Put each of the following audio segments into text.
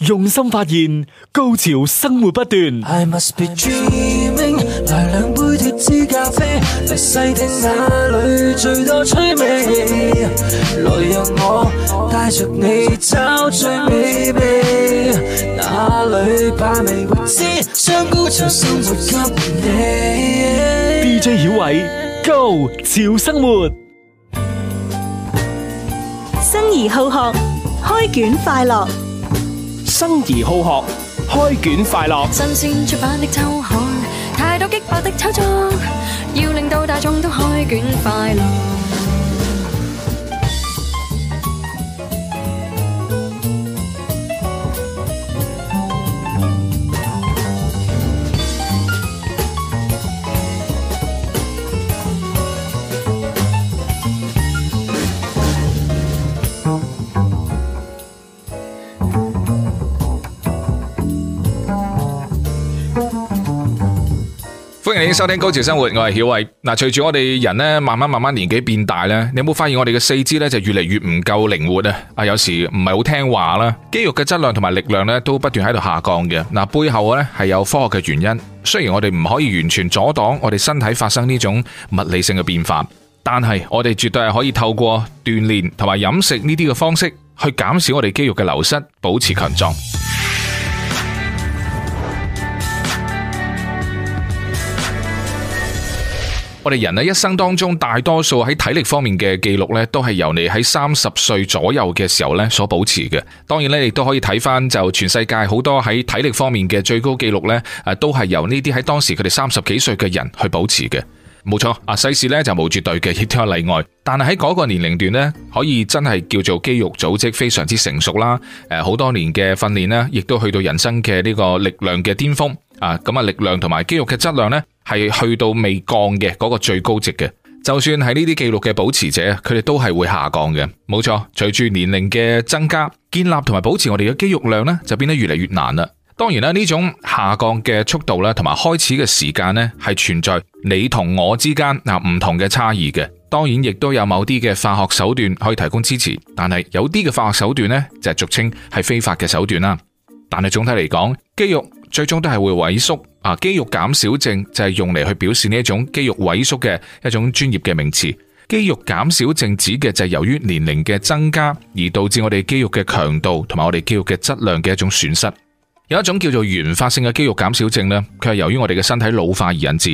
用心發現，高潮生活不斷。I must be dreaming，來兩杯脫脂咖啡，嚟細聽那裏最多趣味。來讓我帶着你找最美味，哪裏把味未知，將高潮生活給你。DJ 小偉，Go 潮生活，生而好學，開卷快樂。生而好學，開卷快樂。新鮮出版的秋歡迎收聽《高潮生活》，我係曉慧。嗱，隨住我哋人咧，慢慢慢慢年紀變大咧，你有冇發現我哋嘅四肢咧就越嚟越唔夠靈活啊？啊，有時唔係好聽話啦。肌肉嘅質量同埋力量咧，都不斷喺度下降嘅。嗱，背後咧係有科學嘅原因。雖然我哋唔可以完全阻擋我哋身體發生呢種物理性嘅變化，但係我哋絕對係可以透過鍛煉同埋飲食呢啲嘅方式，去減少我哋肌肉嘅流失，保持強壯。我哋人呢一生當中，大多數喺體力方面嘅記錄呢，都係由你喺三十歲左右嘅時候呢所保持嘅。當然呢，亦都可以睇返，就全世界好多喺體力方面嘅最高記錄呢，誒，都係由呢啲喺當時佢哋三十幾歲嘅人去保持嘅。冇錯，啊，世事呢就冇絕對嘅，亦都有例外。但係喺嗰個年齡段呢，可以真係叫做肌肉組織非常之成熟啦。誒，好多年嘅訓練呢，亦都去到人生嘅呢個力量嘅巔峰啊。咁啊，力量同埋肌肉嘅質量呢。係去到未降嘅嗰個最高值嘅，就算係呢啲記錄嘅保持者，佢哋都係會下降嘅。冇錯，隨住年齡嘅增加，建立同埋保持我哋嘅肌肉量呢，就變得越嚟越難啦。當然啦，呢種下降嘅速度咧，同埋開始嘅時間呢，係存在你同我之間嗱唔同嘅差異嘅。當然，亦都有某啲嘅化學手段可以提供支持，但係有啲嘅化學手段呢，就係俗稱係非法嘅手段啦。但係總體嚟講，肌肉。最終都係會萎縮，啊，肌肉減少症就係用嚟去表示呢一種肌肉萎縮嘅一種專業嘅名詞。肌肉減少症指嘅就係由於年齡嘅增加而導致我哋肌肉嘅強度同埋我哋肌肉嘅質量嘅一種損失。有一種叫做原發性嘅肌肉減少症呢，佢係由於我哋嘅身體老化而引致；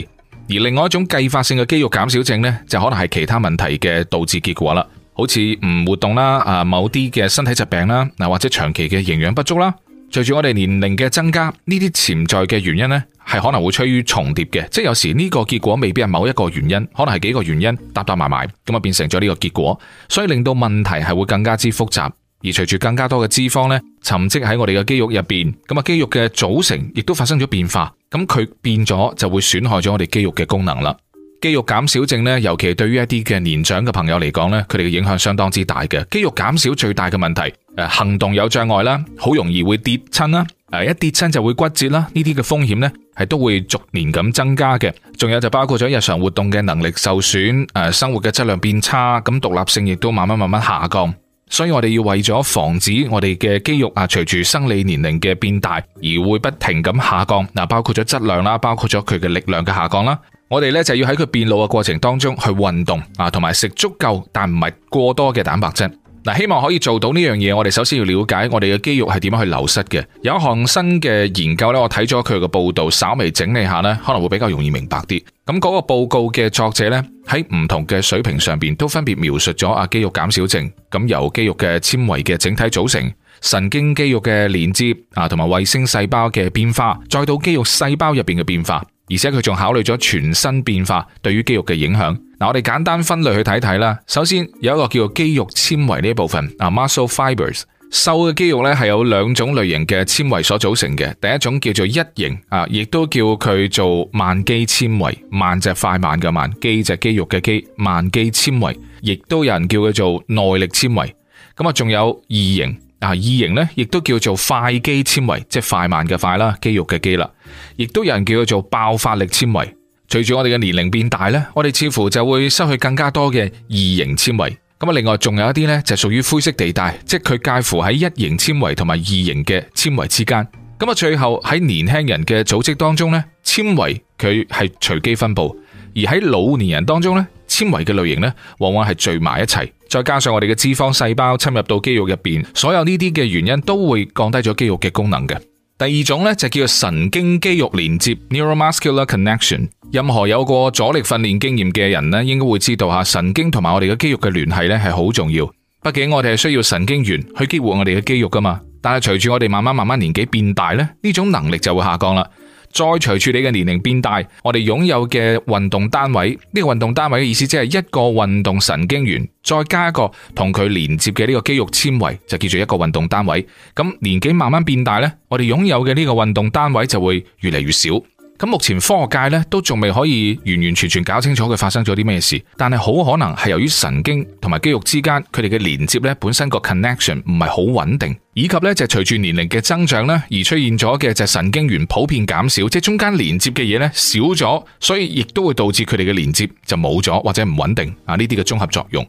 而另外一種繼發性嘅肌肉減少症呢，就可能係其他問題嘅導致結果啦，好似唔活動啦，啊，某啲嘅身體疾病啦，嗱、啊、或者長期嘅營養不足啦。隨住我哋年齡嘅增加，呢啲潛在嘅原因呢係可能會趨於重疊嘅，即係有時呢個結果未必係某一個原因，可能係幾個原因搭搭埋埋，咁啊變成咗呢個結果，所以令到問題係會更加之複雜。而隨住更加多嘅脂肪呢，沉積喺我哋嘅肌肉入邊，咁啊肌肉嘅組成亦都發生咗變化，咁佢變咗就會損害咗我哋肌肉嘅功能啦。肌肉減少症咧，尤其對於一啲嘅年長嘅朋友嚟講咧，佢哋嘅影響相當之大嘅。肌肉減少最大嘅問題，誒，行動有障礙啦，好容易會跌親啦，誒，一跌親就會骨折啦，呢啲嘅風險咧係都會逐年咁增加嘅。仲有就包括咗日常活動嘅能力受損，誒，生活嘅質量變差，咁獨立性亦都慢慢慢慢下降。所以我哋要為咗防止我哋嘅肌肉啊，隨住生理年齡嘅變大而會不停咁下降，嗱，包括咗質量啦，包括咗佢嘅力量嘅下降啦。我哋咧就要喺佢變老嘅過程當中去運動啊，同埋食足夠但唔係過多嘅蛋白質。嗱，希望可以做到呢樣嘢。我哋首先要了解我哋嘅肌肉係點樣去流失嘅。有一項新嘅研究咧，我睇咗佢嘅報道，稍微整理下咧，可能會比較容易明白啲。咁、那、嗰個報告嘅作者咧，喺唔同嘅水平上邊都分別描述咗啊肌肉減少症。咁由肌肉嘅纖維嘅整體組成、神經肌肉嘅連接啊，同埋衛星細胞嘅變化，再到肌肉細胞入邊嘅變化。而且佢仲考慮咗全身變化對於肌肉嘅影響。嗱，我哋簡單分類去睇睇啦。首先有一個叫做肌肉纖維呢一部分啊，muscle fibers，瘦嘅肌肉咧係有兩種類型嘅纖維所組成嘅。第一種叫做一型啊，亦都叫佢做慢肌纖維，慢即快慢嘅慢，肌即肌肉嘅肌，慢肌纖維。亦都有人叫佢做耐力纖維。咁啊，仲有二型。啊，二型咧，亦都叫做快肌纖維，即係快慢嘅快啦，肌肉嘅肌啦，亦都有人叫佢做爆發力纖維。隨住我哋嘅年齡變大咧，我哋似乎就會失去更加多嘅二型纖維。咁啊，另外仲有一啲咧，就屬於灰色地帶，即係佢介乎喺一型纖維同埋二型嘅纖維之間。咁啊，最後喺年輕人嘅組織當中咧，纖維佢係隨機分佈，而喺老年人當中咧。纖維嘅類型呢，往往係聚埋一齊，再加上我哋嘅脂肪細胞侵入到肌肉入邊，所有呢啲嘅原因都會降低咗肌肉嘅功能嘅。第二種呢，就叫做神經肌肉連接 （neuromuscular connection）。任何有過阻力訓練經驗嘅人呢，應該會知道吓神經同埋我哋嘅肌肉嘅聯繫呢係好重要。畢竟我哋係需要神經元去激活我哋嘅肌肉噶嘛。但係隨住我哋慢慢慢慢年紀變大呢，呢種能力就會下降啦。再隨住你嘅年齡變大，我哋擁有嘅運動單位呢，呢個運動單位嘅意思即係一個運動神經元，再加一個同佢連接嘅呢個肌肉纖維，就叫做一個運動單位。咁年紀慢慢變大呢，我哋擁有嘅呢個運動單位就會越嚟越少。咁目前科學界咧都仲未可以完完全全搞清楚佢發生咗啲咩事，但係好可能係由於神經同埋肌肉之間佢哋嘅連接咧本身個 connection 唔係好穩定，以及咧就隨住年齡嘅增長咧而出現咗嘅就係神經元普遍減少，即係中間連接嘅嘢咧少咗，所以亦都會導致佢哋嘅連接就冇咗或者唔穩定啊呢啲嘅綜合作用。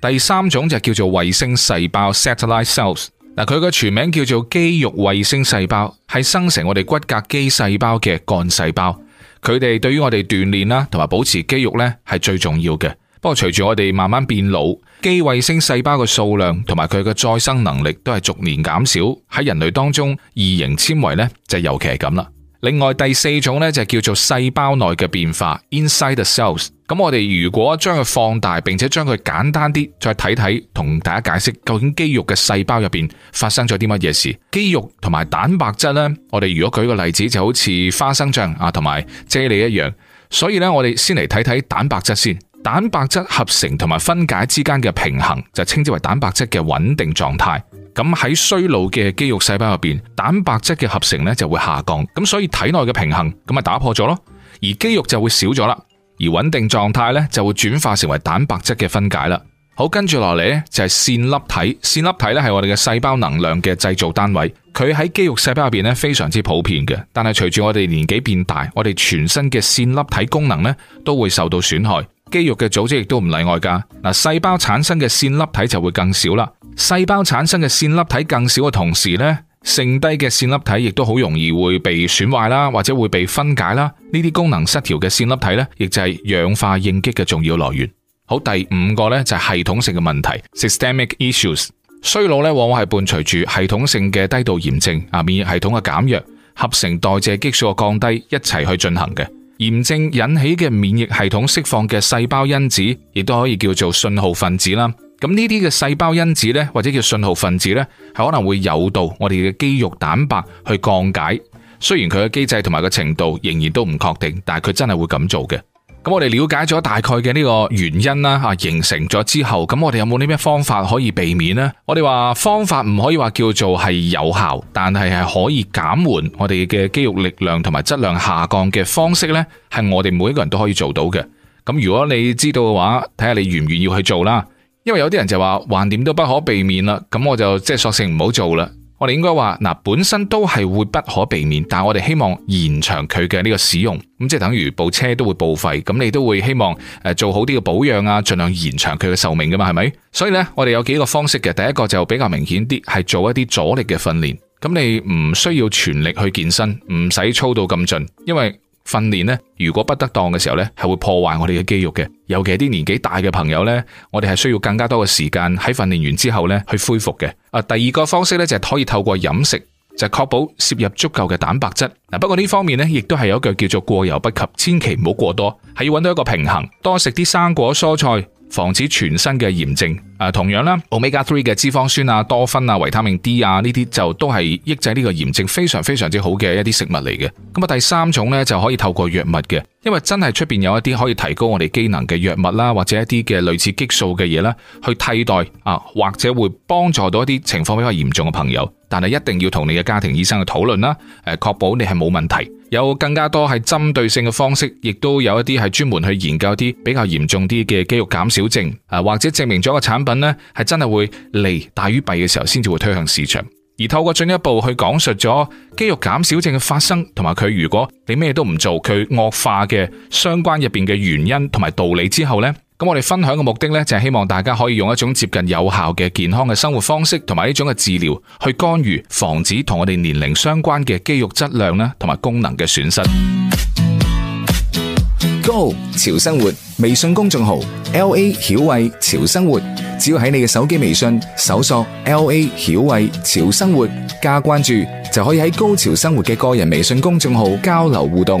第三種就係叫做衛星細胞 （satellite cells）。嗱，佢個全名叫做肌肉衛星細胞，係生成我哋骨骼肌細胞嘅幹細胞。佢哋對於我哋鍛煉啦，同埋保持肌肉咧，係最重要嘅。不過隨住我哋慢慢變老，肌衛星細胞嘅數量同埋佢嘅再生能力都係逐年減少。喺人類當中，二型纖維咧就尤其係咁啦。另外第四種咧就叫做細胞內嘅變化，inside the cells。咁我哋如果將佢放大，並且將佢簡單啲再睇睇，同大家解釋究竟肌肉嘅細胞入邊發生咗啲乜嘢事？肌肉同埋蛋白質呢，我哋如果舉個例子，就好似花生醬啊同埋啫喱一樣。所以呢，我哋先嚟睇睇蛋白質先。蛋白質合成同埋分解之間嘅平衡，就稱之為蛋白質嘅穩定狀態。咁喺衰老嘅肌肉細胞入邊，蛋白質嘅合成呢就會下降，咁所以體內嘅平衡咁咪打破咗咯，而肌肉就會少咗啦。而穩定狀態咧就會轉化成為蛋白質嘅分解啦。好，跟住落嚟咧就係線粒體。線粒體咧係我哋嘅細胞能量嘅製造單位，佢喺肌肉細胞入邊咧非常之普遍嘅。但係隨住我哋年紀變大，我哋全身嘅線粒體功能咧都會受到損害，肌肉嘅組織亦都唔例外噶。嗱，細胞產生嘅線粒體就會更少啦。細胞產生嘅線粒體更少嘅同時呢。剩低嘅線粒體亦都好容易會被損壞啦，或者會被分解啦。呢啲功能失調嘅線粒體呢，亦就係氧化應激嘅重要來源。好，第五個呢，就係系統性嘅問題。systemic issues，衰老呢往往係伴隨住系統性嘅低度炎症啊，免疫系統嘅減弱、合成代謝激素嘅降低一齊去進行嘅。炎症引起嘅免疫系統釋放嘅細胞因子，亦都可以叫做信號分子啦。咁呢啲嘅細胞因子呢，或者叫信號分子呢，係可能會誘導我哋嘅肌肉蛋白去降解。雖然佢嘅機制同埋個程度仍然都唔確定，但係佢真係會咁做嘅。咁我哋了解咗大概嘅呢個原因啦，啊，形成咗之後，咁我哋有冇啲咩方法可以避免呢？我哋話方法唔可以話叫做係有效，但係係可以減緩我哋嘅肌肉力量同埋質量下降嘅方式呢，係我哋每一個人都可以做到嘅。咁如果你知道嘅話，睇下你願唔願意去做啦。因為有啲人就話橫掂都不可避免啦，咁我就即係、就是、索性唔好做啦。我哋應該話，嗱，本身都係會不可避免，但係我哋希望延長佢嘅呢個使用。咁即係等於部車都會報廢，咁你都會希望誒做好啲嘅保養啊，盡量延長佢嘅壽命噶嘛，係咪？所以咧，我哋有幾個方式嘅。第一個就比較明顯啲，係做一啲阻力嘅訓練。咁你唔需要全力去健身，唔使操到咁盡，因為訓練咧，如果不得當嘅時候咧，係會破壞我哋嘅肌肉嘅。尤其係啲年紀大嘅朋友呢，我哋係需要更加多嘅時間喺訓練完之後咧去恢復嘅。啊，第二個方式呢，就係可以透過飲食，就係確保攝入足夠嘅蛋白質。嗱、啊，不過呢方面呢，亦都係有一句叫做過猶不及，千祈唔好過多，係要搵到一個平衡，多食啲生果蔬菜，防止全身嘅炎症，啊，同樣啦，歐米伽三嘅脂肪酸啊、多酚啊、維他命 D 啊呢啲就都係抑制呢個炎症非常非常之好嘅一啲食物嚟嘅。咁啊，第三種呢，就可以透過藥物嘅，因為真係出邊有一啲可以提高我哋機能嘅藥物啦、啊，或者一啲嘅類似激素嘅嘢啦，去替代啊，或者會幫助到一啲情況比較嚴重嘅朋友，但係一定要同你嘅家庭醫生去討論啦，誒、啊，確保你係冇問題。有更加多係針對性嘅方式，亦都有一啲係專門去研究啲比較嚴重啲嘅肌肉減少症，誒或者證明咗個產品呢係真係會利大於弊嘅時候，先至會推向市場。而透過進一步去講述咗肌肉減少症嘅發生同埋佢，如果你咩都唔做，佢惡化嘅相關入面嘅原因同埋道理之後呢。咁我哋分享嘅目的咧，就係希望大家可以用一種接近有效嘅健康嘅生活方式，同埋呢種嘅治療去干預、防止同我哋年齡相關嘅肌肉質量啦，同埋功能嘅損失。高潮生活微信公眾號 LA 曉慧潮生活，只要喺你嘅手機微信搜索 LA 曉慧潮生活加關注，就可以喺高潮生活嘅個人微信公眾號交流互動。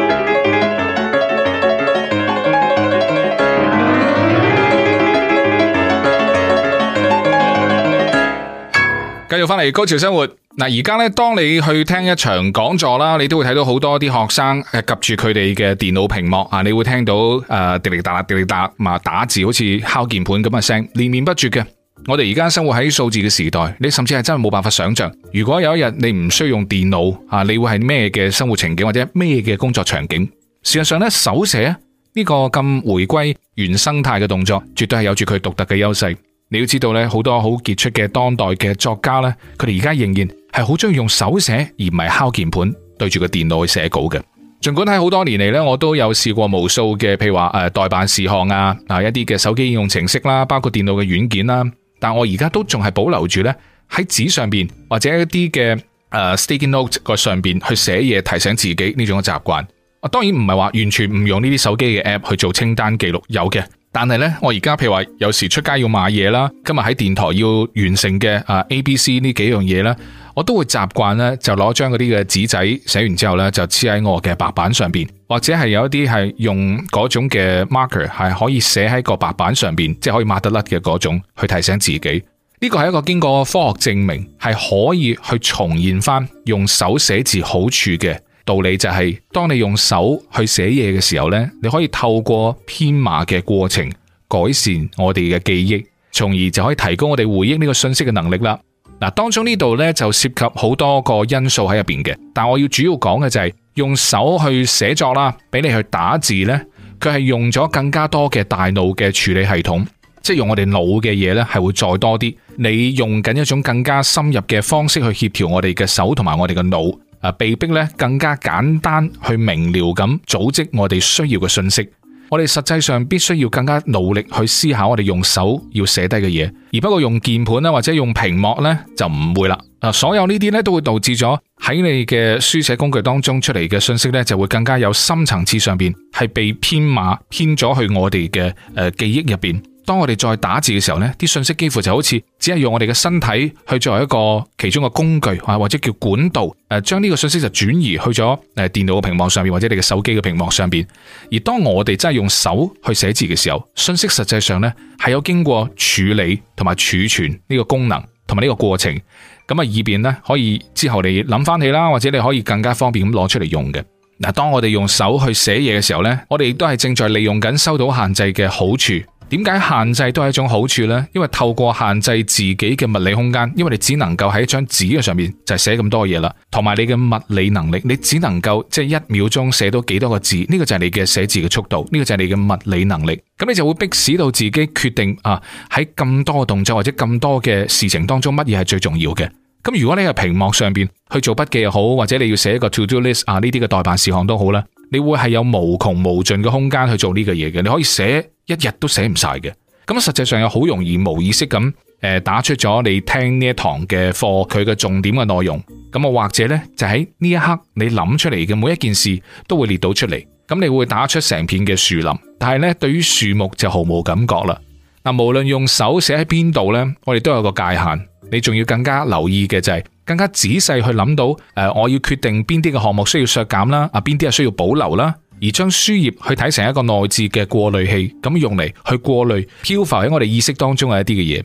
繼續翻嚟《高潮生活》嗱，而家咧，當你去聽一場講座啦，你都會睇到好多啲學生誒，夾住佢哋嘅電腦屏幕啊，你會聽到誒，滴滴嗒、滴滴嗒，嘛打字好似敲鍵盤咁嘅聲，連綿不絕嘅。我哋而家生活喺數字嘅時代，你甚至係真係冇辦法想象，如果有一日你唔需要用電腦啊，你會係咩嘅生活情景或者咩嘅工作場景？事實上咧，手寫呢個咁回歸原生態嘅動作，絕對係有住佢獨特嘅優勢。你要知道咧，好多好傑出嘅當代嘅作家咧，佢哋而家仍然係好中意用手寫，而唔係敲鍵盤對住個電腦去寫稿嘅。儘管喺好多年嚟咧，我都有試過無數嘅，譬如話誒、呃、待辦事項啊，啊一啲嘅手機應用程式啦，包括電腦嘅軟件啦，但我而家都仲係保留住咧喺紙上邊或者一啲嘅誒、呃、sticking notes 個上邊去寫嘢提醒自己呢種嘅習慣。當然唔係話完全唔用呢啲手機嘅 app 去做清單記錄，有嘅。但係咧，我而家譬如話有時出街要買嘢啦，今日喺電台要完成嘅啊 A、B、C 呢幾樣嘢咧，我都會習慣咧就攞張嗰啲嘅紙仔寫完之後咧就黐喺我嘅白板上邊，或者係有一啲係用嗰種嘅 marker 係可以寫喺個白板上邊，即係可以抹得甩嘅嗰種，去提醒自己。呢個係一個經過科學證明係可以去重現翻用手寫字好處嘅。道理就係，當你用手去寫嘢嘅時候呢，你可以透過編碼嘅過程改善我哋嘅記憶，從而就可以提高我哋回憶呢個信息嘅能力啦。嗱，當中呢度呢，就涉及好多個因素喺入邊嘅，但我要主要講嘅就係用手去寫作啦，比你去打字呢，佢係用咗更加多嘅大腦嘅處理系統，即係用我哋腦嘅嘢呢，係會再多啲。你用緊一種更加深入嘅方式去協調我哋嘅手同埋我哋嘅腦。啊！被迫咧更加簡單去明瞭咁組織我哋需要嘅信息，我哋實際上必須要更加努力去思考我哋用手要寫低嘅嘢，而不過用鍵盤咧或者用屏幕咧就唔會啦。嗱，所有呢啲咧都會導致咗喺你嘅書寫工具當中出嚟嘅信息咧就會更加有深層次上邊係被編碼編咗去我哋嘅誒記憶入邊。當我哋再打字嘅時候，呢啲信息幾乎就好似只係用我哋嘅身體去作為一個其中嘅工具，或者叫管道誒，將呢個信息就轉移去咗誒電腦嘅屏幕上面，或者你嘅手機嘅屏幕上邊。而當我哋真係用手去寫字嘅時候，信息實際上呢係有經過處理同埋儲存呢個功能同埋呢個過程咁啊，以便呢，可以之後你諗翻起啦，或者你可以更加方便咁攞出嚟用嘅嗱。當我哋用手去寫嘢嘅時候呢，我哋亦都係正在利用緊收到限制嘅好處。點解限制都係一種好處呢？因為透過限制自己嘅物理空間，因為你只能夠喺一張紙嘅上面，就寫咁多嘢啦，同埋你嘅物理能力，你只能夠即係一秒鐘寫到幾多個字，呢個就係你嘅寫字嘅速度，呢個就係你嘅物理能力。咁你就會迫使到自己決定啊，喺咁多動作或者咁多嘅事情當中，乜嘢係最重要嘅？咁如果你喺屏幕上邊去做筆記又好，或者你要寫一個 to do list 啊呢啲嘅代辦事項都好啦。你會係有無窮無盡嘅空間去做呢個嘢嘅，你可以寫一日都寫唔晒嘅。咁實際上又好容易無意識咁，誒打出咗你聽呢一堂嘅課佢嘅重點嘅內容。咁啊或者呢，就喺、是、呢一刻你諗出嚟嘅每一件事都會列到出嚟。咁你會打出成片嘅樹林，但係呢，對於樹木就毫無感覺啦。嗱，無論用手寫喺邊度呢，我哋都有個界限。你仲要更加留意嘅就係、是。更加仔細去諗到，誒、呃，我要決定邊啲嘅項目需要削減啦，啊，邊啲係需要保留啦，而將書頁去睇成一個內置嘅過濾器，咁用嚟去過濾漂浮喺我哋意識當中嘅一啲嘅嘢。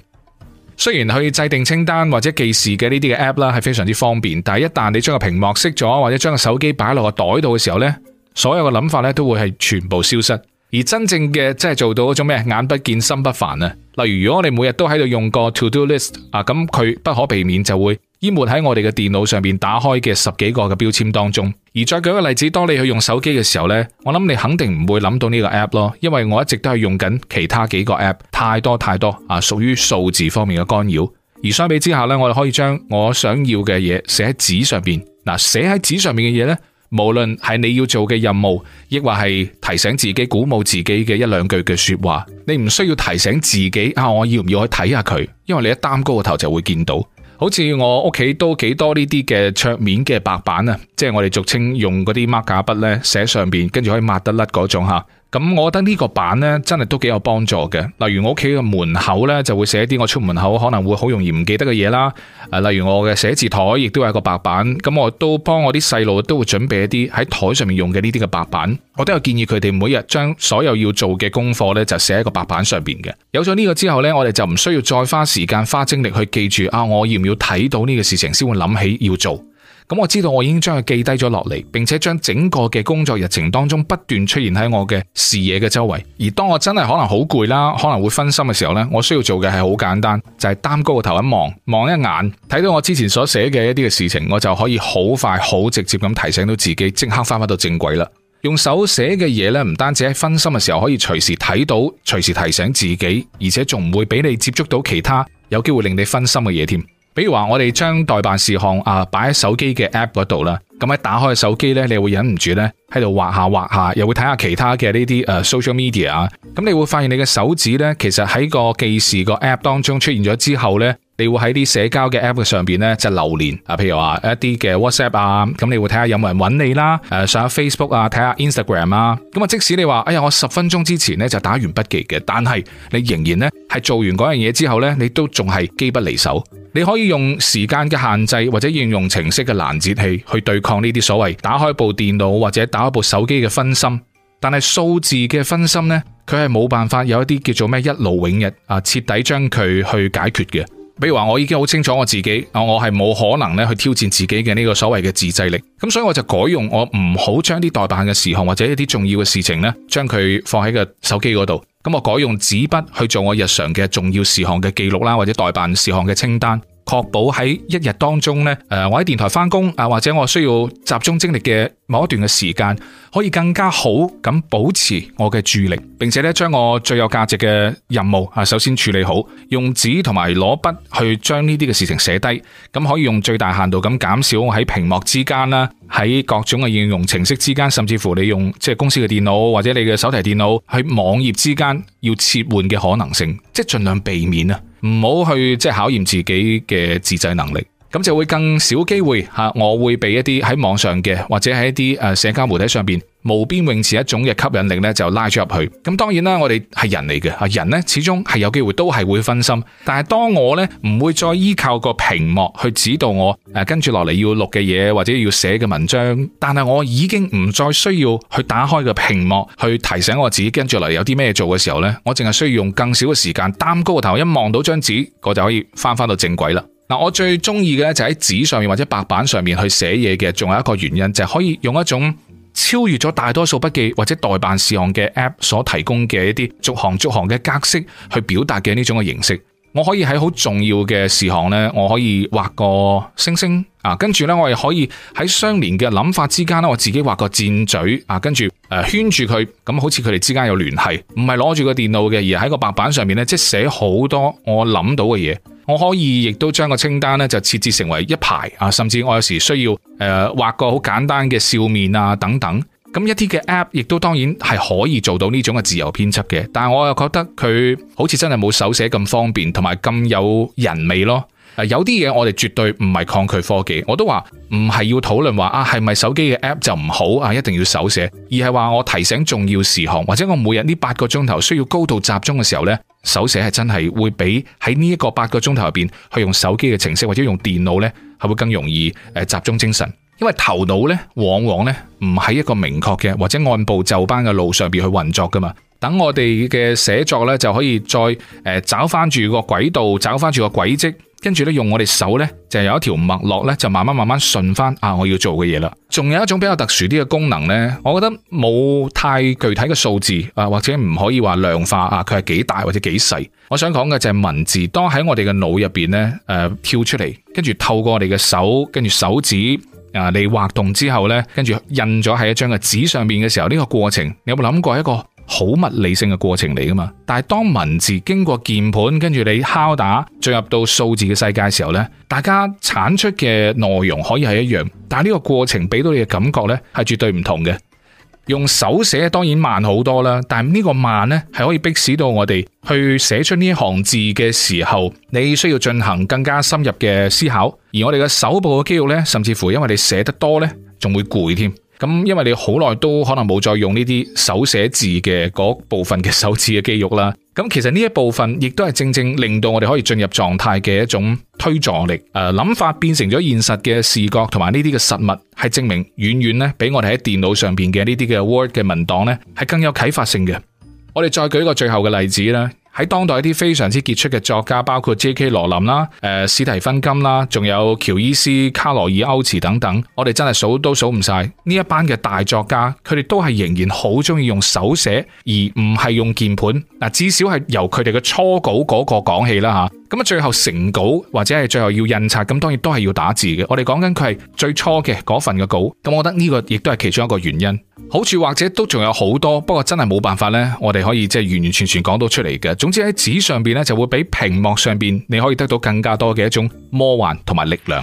雖然去制定清單或者記事嘅呢啲嘅 app 啦，係非常之方便，但係一旦你將個屏幕熄咗，或者將個手機擺落個袋度嘅時候呢，所有嘅諗法呢都會係全部消失。而真正嘅即係做到一種咩眼不見心不煩啊。例如，如果我哋每日都喺度用個 to do list 啊，咁佢不可避免就會。淹沒喺我哋嘅電腦上面打開嘅十幾個嘅標籤當中，而再舉個例子，當你去用手機嘅時候呢，我諗你肯定唔會諗到呢個 app 咯，因為我一直都係用緊其他幾個 app，太多太多啊，屬於數字方面嘅干擾。而相比之下呢，我哋可以將我想要嘅嘢寫喺紙上面。嗱，啊，寫喺紙上面嘅嘢咧，無論係你要做嘅任務，亦或係提醒自己、鼓舞自己嘅一兩句嘅說話，你唔需要提醒自己啊，我要唔要去睇下佢？因為你一擔高個頭就會見到。好似我屋企都幾多呢啲嘅桌面嘅白板啊，即係我哋俗稱用嗰啲 mark 架筆咧寫上邊，跟住可以抹得甩嗰種吓。咁，我覺得呢個板咧，真係都幾有幫助嘅。例如我屋企嘅門口咧，就會寫啲我出門口可能會好容易唔記得嘅嘢啦。誒，例如我嘅寫字枱亦都係一個白板。咁我都幫我啲細路都會準備一啲喺枱上面用嘅呢啲嘅白板。我都有建議佢哋每日將所有要做嘅功課咧，就寫喺個白板上邊嘅。有咗呢個之後咧，我哋就唔需要再花時間花精力去記住啊，我要唔要睇到呢個事情先會諗起要做。咁我知道我已經將佢記低咗落嚟，並且將整個嘅工作日程當中不斷出現喺我嘅視野嘅周圍。而當我真係可能好攰啦，可能會分心嘅時候咧，我需要做嘅係好簡單，就係擔高個頭一望，望一眼，睇到我之前所寫嘅一啲嘅事情，我就可以好快好直接咁提醒到自己，即刻翻返到正軌啦。用手寫嘅嘢咧，唔單止喺分心嘅時候可以隨時睇到，隨時提醒自己，而且仲唔會俾你接觸到其他有機會令你分心嘅嘢添。比如話我哋將待辦事項啊，擺喺手機嘅 app 嗰度啦，咁、嗯、喺打開手機咧，你會忍唔住咧喺度劃下劃下，又會睇下其他嘅呢啲 social media 啊，咁、嗯、你會發現你嘅手指咧，其實喺個記事個 app 當中出現咗之後呢。你會喺啲社交嘅 app 上邊咧，就流連啊，譬如話一啲嘅 WhatsApp 啊，咁你會睇下有冇人揾你啦。誒、啊，上下 Facebook 啊，睇下 Instagram 啊。咁啊，即使你話哎呀，我十分鐘之前呢就打完筆記嘅，但係你仍然呢係做完嗰樣嘢之後呢，你都仲係機不離手。你可以用時間嘅限制或者應用程式嘅攔截器去對抗呢啲所謂打開部電腦或者打開一部手機嘅分心。但係數字嘅分心呢，佢係冇辦法有一啲叫做咩一勞永逸啊，徹底將佢去解決嘅。比如話我已經好清楚我自己，啊，我係冇可能去挑戰自己嘅呢個所謂嘅自制力，咁所以我就改用，我唔好將啲代辦嘅事項或者一啲重要嘅事情呢，將佢放喺個手機嗰度，咁我改用紙筆去做我日常嘅重要事項嘅記錄啦，或者代辦事項嘅清單。確保喺一日當中咧，誒，我喺電台翻工啊，或者我需要集中精力嘅某一段嘅時間，可以更加好咁保持我嘅注意力，並且咧，將我最有價值嘅任務啊，首先處理好，用紙同埋攞筆去將呢啲嘅事情寫低，咁可以用最大限度咁減少我喺屏幕之間啦，喺各種嘅應用程式之間，甚至乎你用即係公司嘅電腦或者你嘅手提電腦喺網頁之間要切換嘅可能性，即係盡量避免啊。唔好去即係考驗自己嘅自制能力。咁就會更少機會吓，我會被一啲喺網上嘅或者喺一啲誒社交媒體上面無邊泳池一種嘅吸引力咧就拉咗入去。咁當然啦，我哋係人嚟嘅吓，人咧始終係有機會都係會分心。但係當我咧唔會再依靠個屏幕去指導我誒、啊、跟住落嚟要錄嘅嘢或者要寫嘅文章，但係我已經唔再需要去打開個屏幕去提醒我自己跟住落嚟有啲咩做嘅時候咧，我淨係需要用更少嘅時間擔高個頭一望到張紙，我就可以返返到正軌啦。嗱，我最中意嘅咧就喺紙上面或者白板上面去寫嘢嘅，仲有一個原因就係、是、可以用一種超越咗大多數筆記或者代辦事項嘅 App 所提供嘅一啲逐行逐行嘅格式去表達嘅呢種嘅形式。我可以喺好重要嘅事項呢，我可以畫個星星啊，跟住呢，我亦可以喺相連嘅諗法之間咧，我自己畫個箭嘴啊，跟住誒圈住佢，咁好似佢哋之間有聯繫，唔係攞住個電腦嘅，而喺個白板上面咧，即寫好多我諗到嘅嘢。我可以亦都將個清單呢就設置成為一排啊，甚至我有時需要誒、呃、畫個好簡單嘅笑面啊等等，咁一啲嘅 App 亦都當然係可以做到呢種嘅自由編輯嘅，但我又覺得佢好似真係冇手寫咁方便同埋咁有人味咯。有啲嘢我哋絕對唔係抗拒科技，我都話唔係要討論話啊係咪手機嘅 app 就唔好啊，一定要手寫，而係話我提醒重要事項或者我每日呢八個鐘頭需要高度集中嘅時候呢，手寫係真係會比喺呢一個八個鐘頭入邊去用手機嘅程式或者用電腦呢係會更容易誒集中精神，因為頭腦呢往往呢唔喺一個明確嘅或者按部就班嘅路上邊去運作噶嘛，等我哋嘅寫作呢就可以再誒找翻住個軌道，找翻住個軌跡。跟住咧，用我哋手咧，就有一條脈絡咧，就慢慢慢慢順翻啊！我要做嘅嘢啦。仲有一種比較特殊啲嘅功能咧，我覺得冇太具體嘅數字啊，或者唔可以話量化啊，佢係幾大或者幾細。我想講嘅就係文字，當喺我哋嘅腦入邊咧，誒、呃、跳出嚟，跟住透過我哋嘅手，跟住手指啊嚟滑動之後咧，跟住印咗喺一張嘅紙上面嘅時候，呢、呢個過程，你有冇諗過一個？好物理性嘅過程嚟噶嘛？但係當文字經過鍵盤，跟住你敲打，進入到數字嘅世界時候呢，大家產出嘅內容可以係一樣，但係呢個過程俾到你嘅感覺呢，係絕對唔同嘅。用手寫當然慢好多啦，但係呢個慢呢，係可以迫使到我哋去寫出呢一行字嘅時候，你需要進行更加深入嘅思考。而我哋嘅手部嘅肌肉呢，甚至乎因為你寫得多呢，仲會攰添。咁因為你好耐都可能冇再用呢啲手寫字嘅嗰部分嘅手指嘅肌肉啦，咁其實呢一部分亦都係正正令到我哋可以進入狀態嘅一種推助力。誒、呃，諗法變成咗現實嘅視覺同埋呢啲嘅實物，係證明遠遠呢，比我哋喺電腦上邊嘅呢啲嘅 Word 嘅文檔呢，係更有啟發性嘅。我哋再舉個最後嘅例子啦。喺當代一啲非常之傑出嘅作家，包括 J.K. 羅琳啦、誒史提芬金啦，仲有喬伊斯、卡羅爾、歐茨等等，我哋真係數都數唔晒呢一班嘅大作家，佢哋都係仍然好中意用手寫，而唔係用鍵盤。嗱，至少係由佢哋嘅初稿嗰個講起啦，吓。咁啊，最後成稿或者係最後要印刷，咁當然都係要打字嘅。我哋講緊佢係最初嘅嗰份嘅稿，咁我覺得呢個亦都係其中一個原因。好處或者都仲有好多，不過真係冇辦法呢，我哋可以即係完完全全講到出嚟嘅。總之喺紙上面呢，就會比屏幕上面你可以得到更加多嘅一種魔幻同埋力量。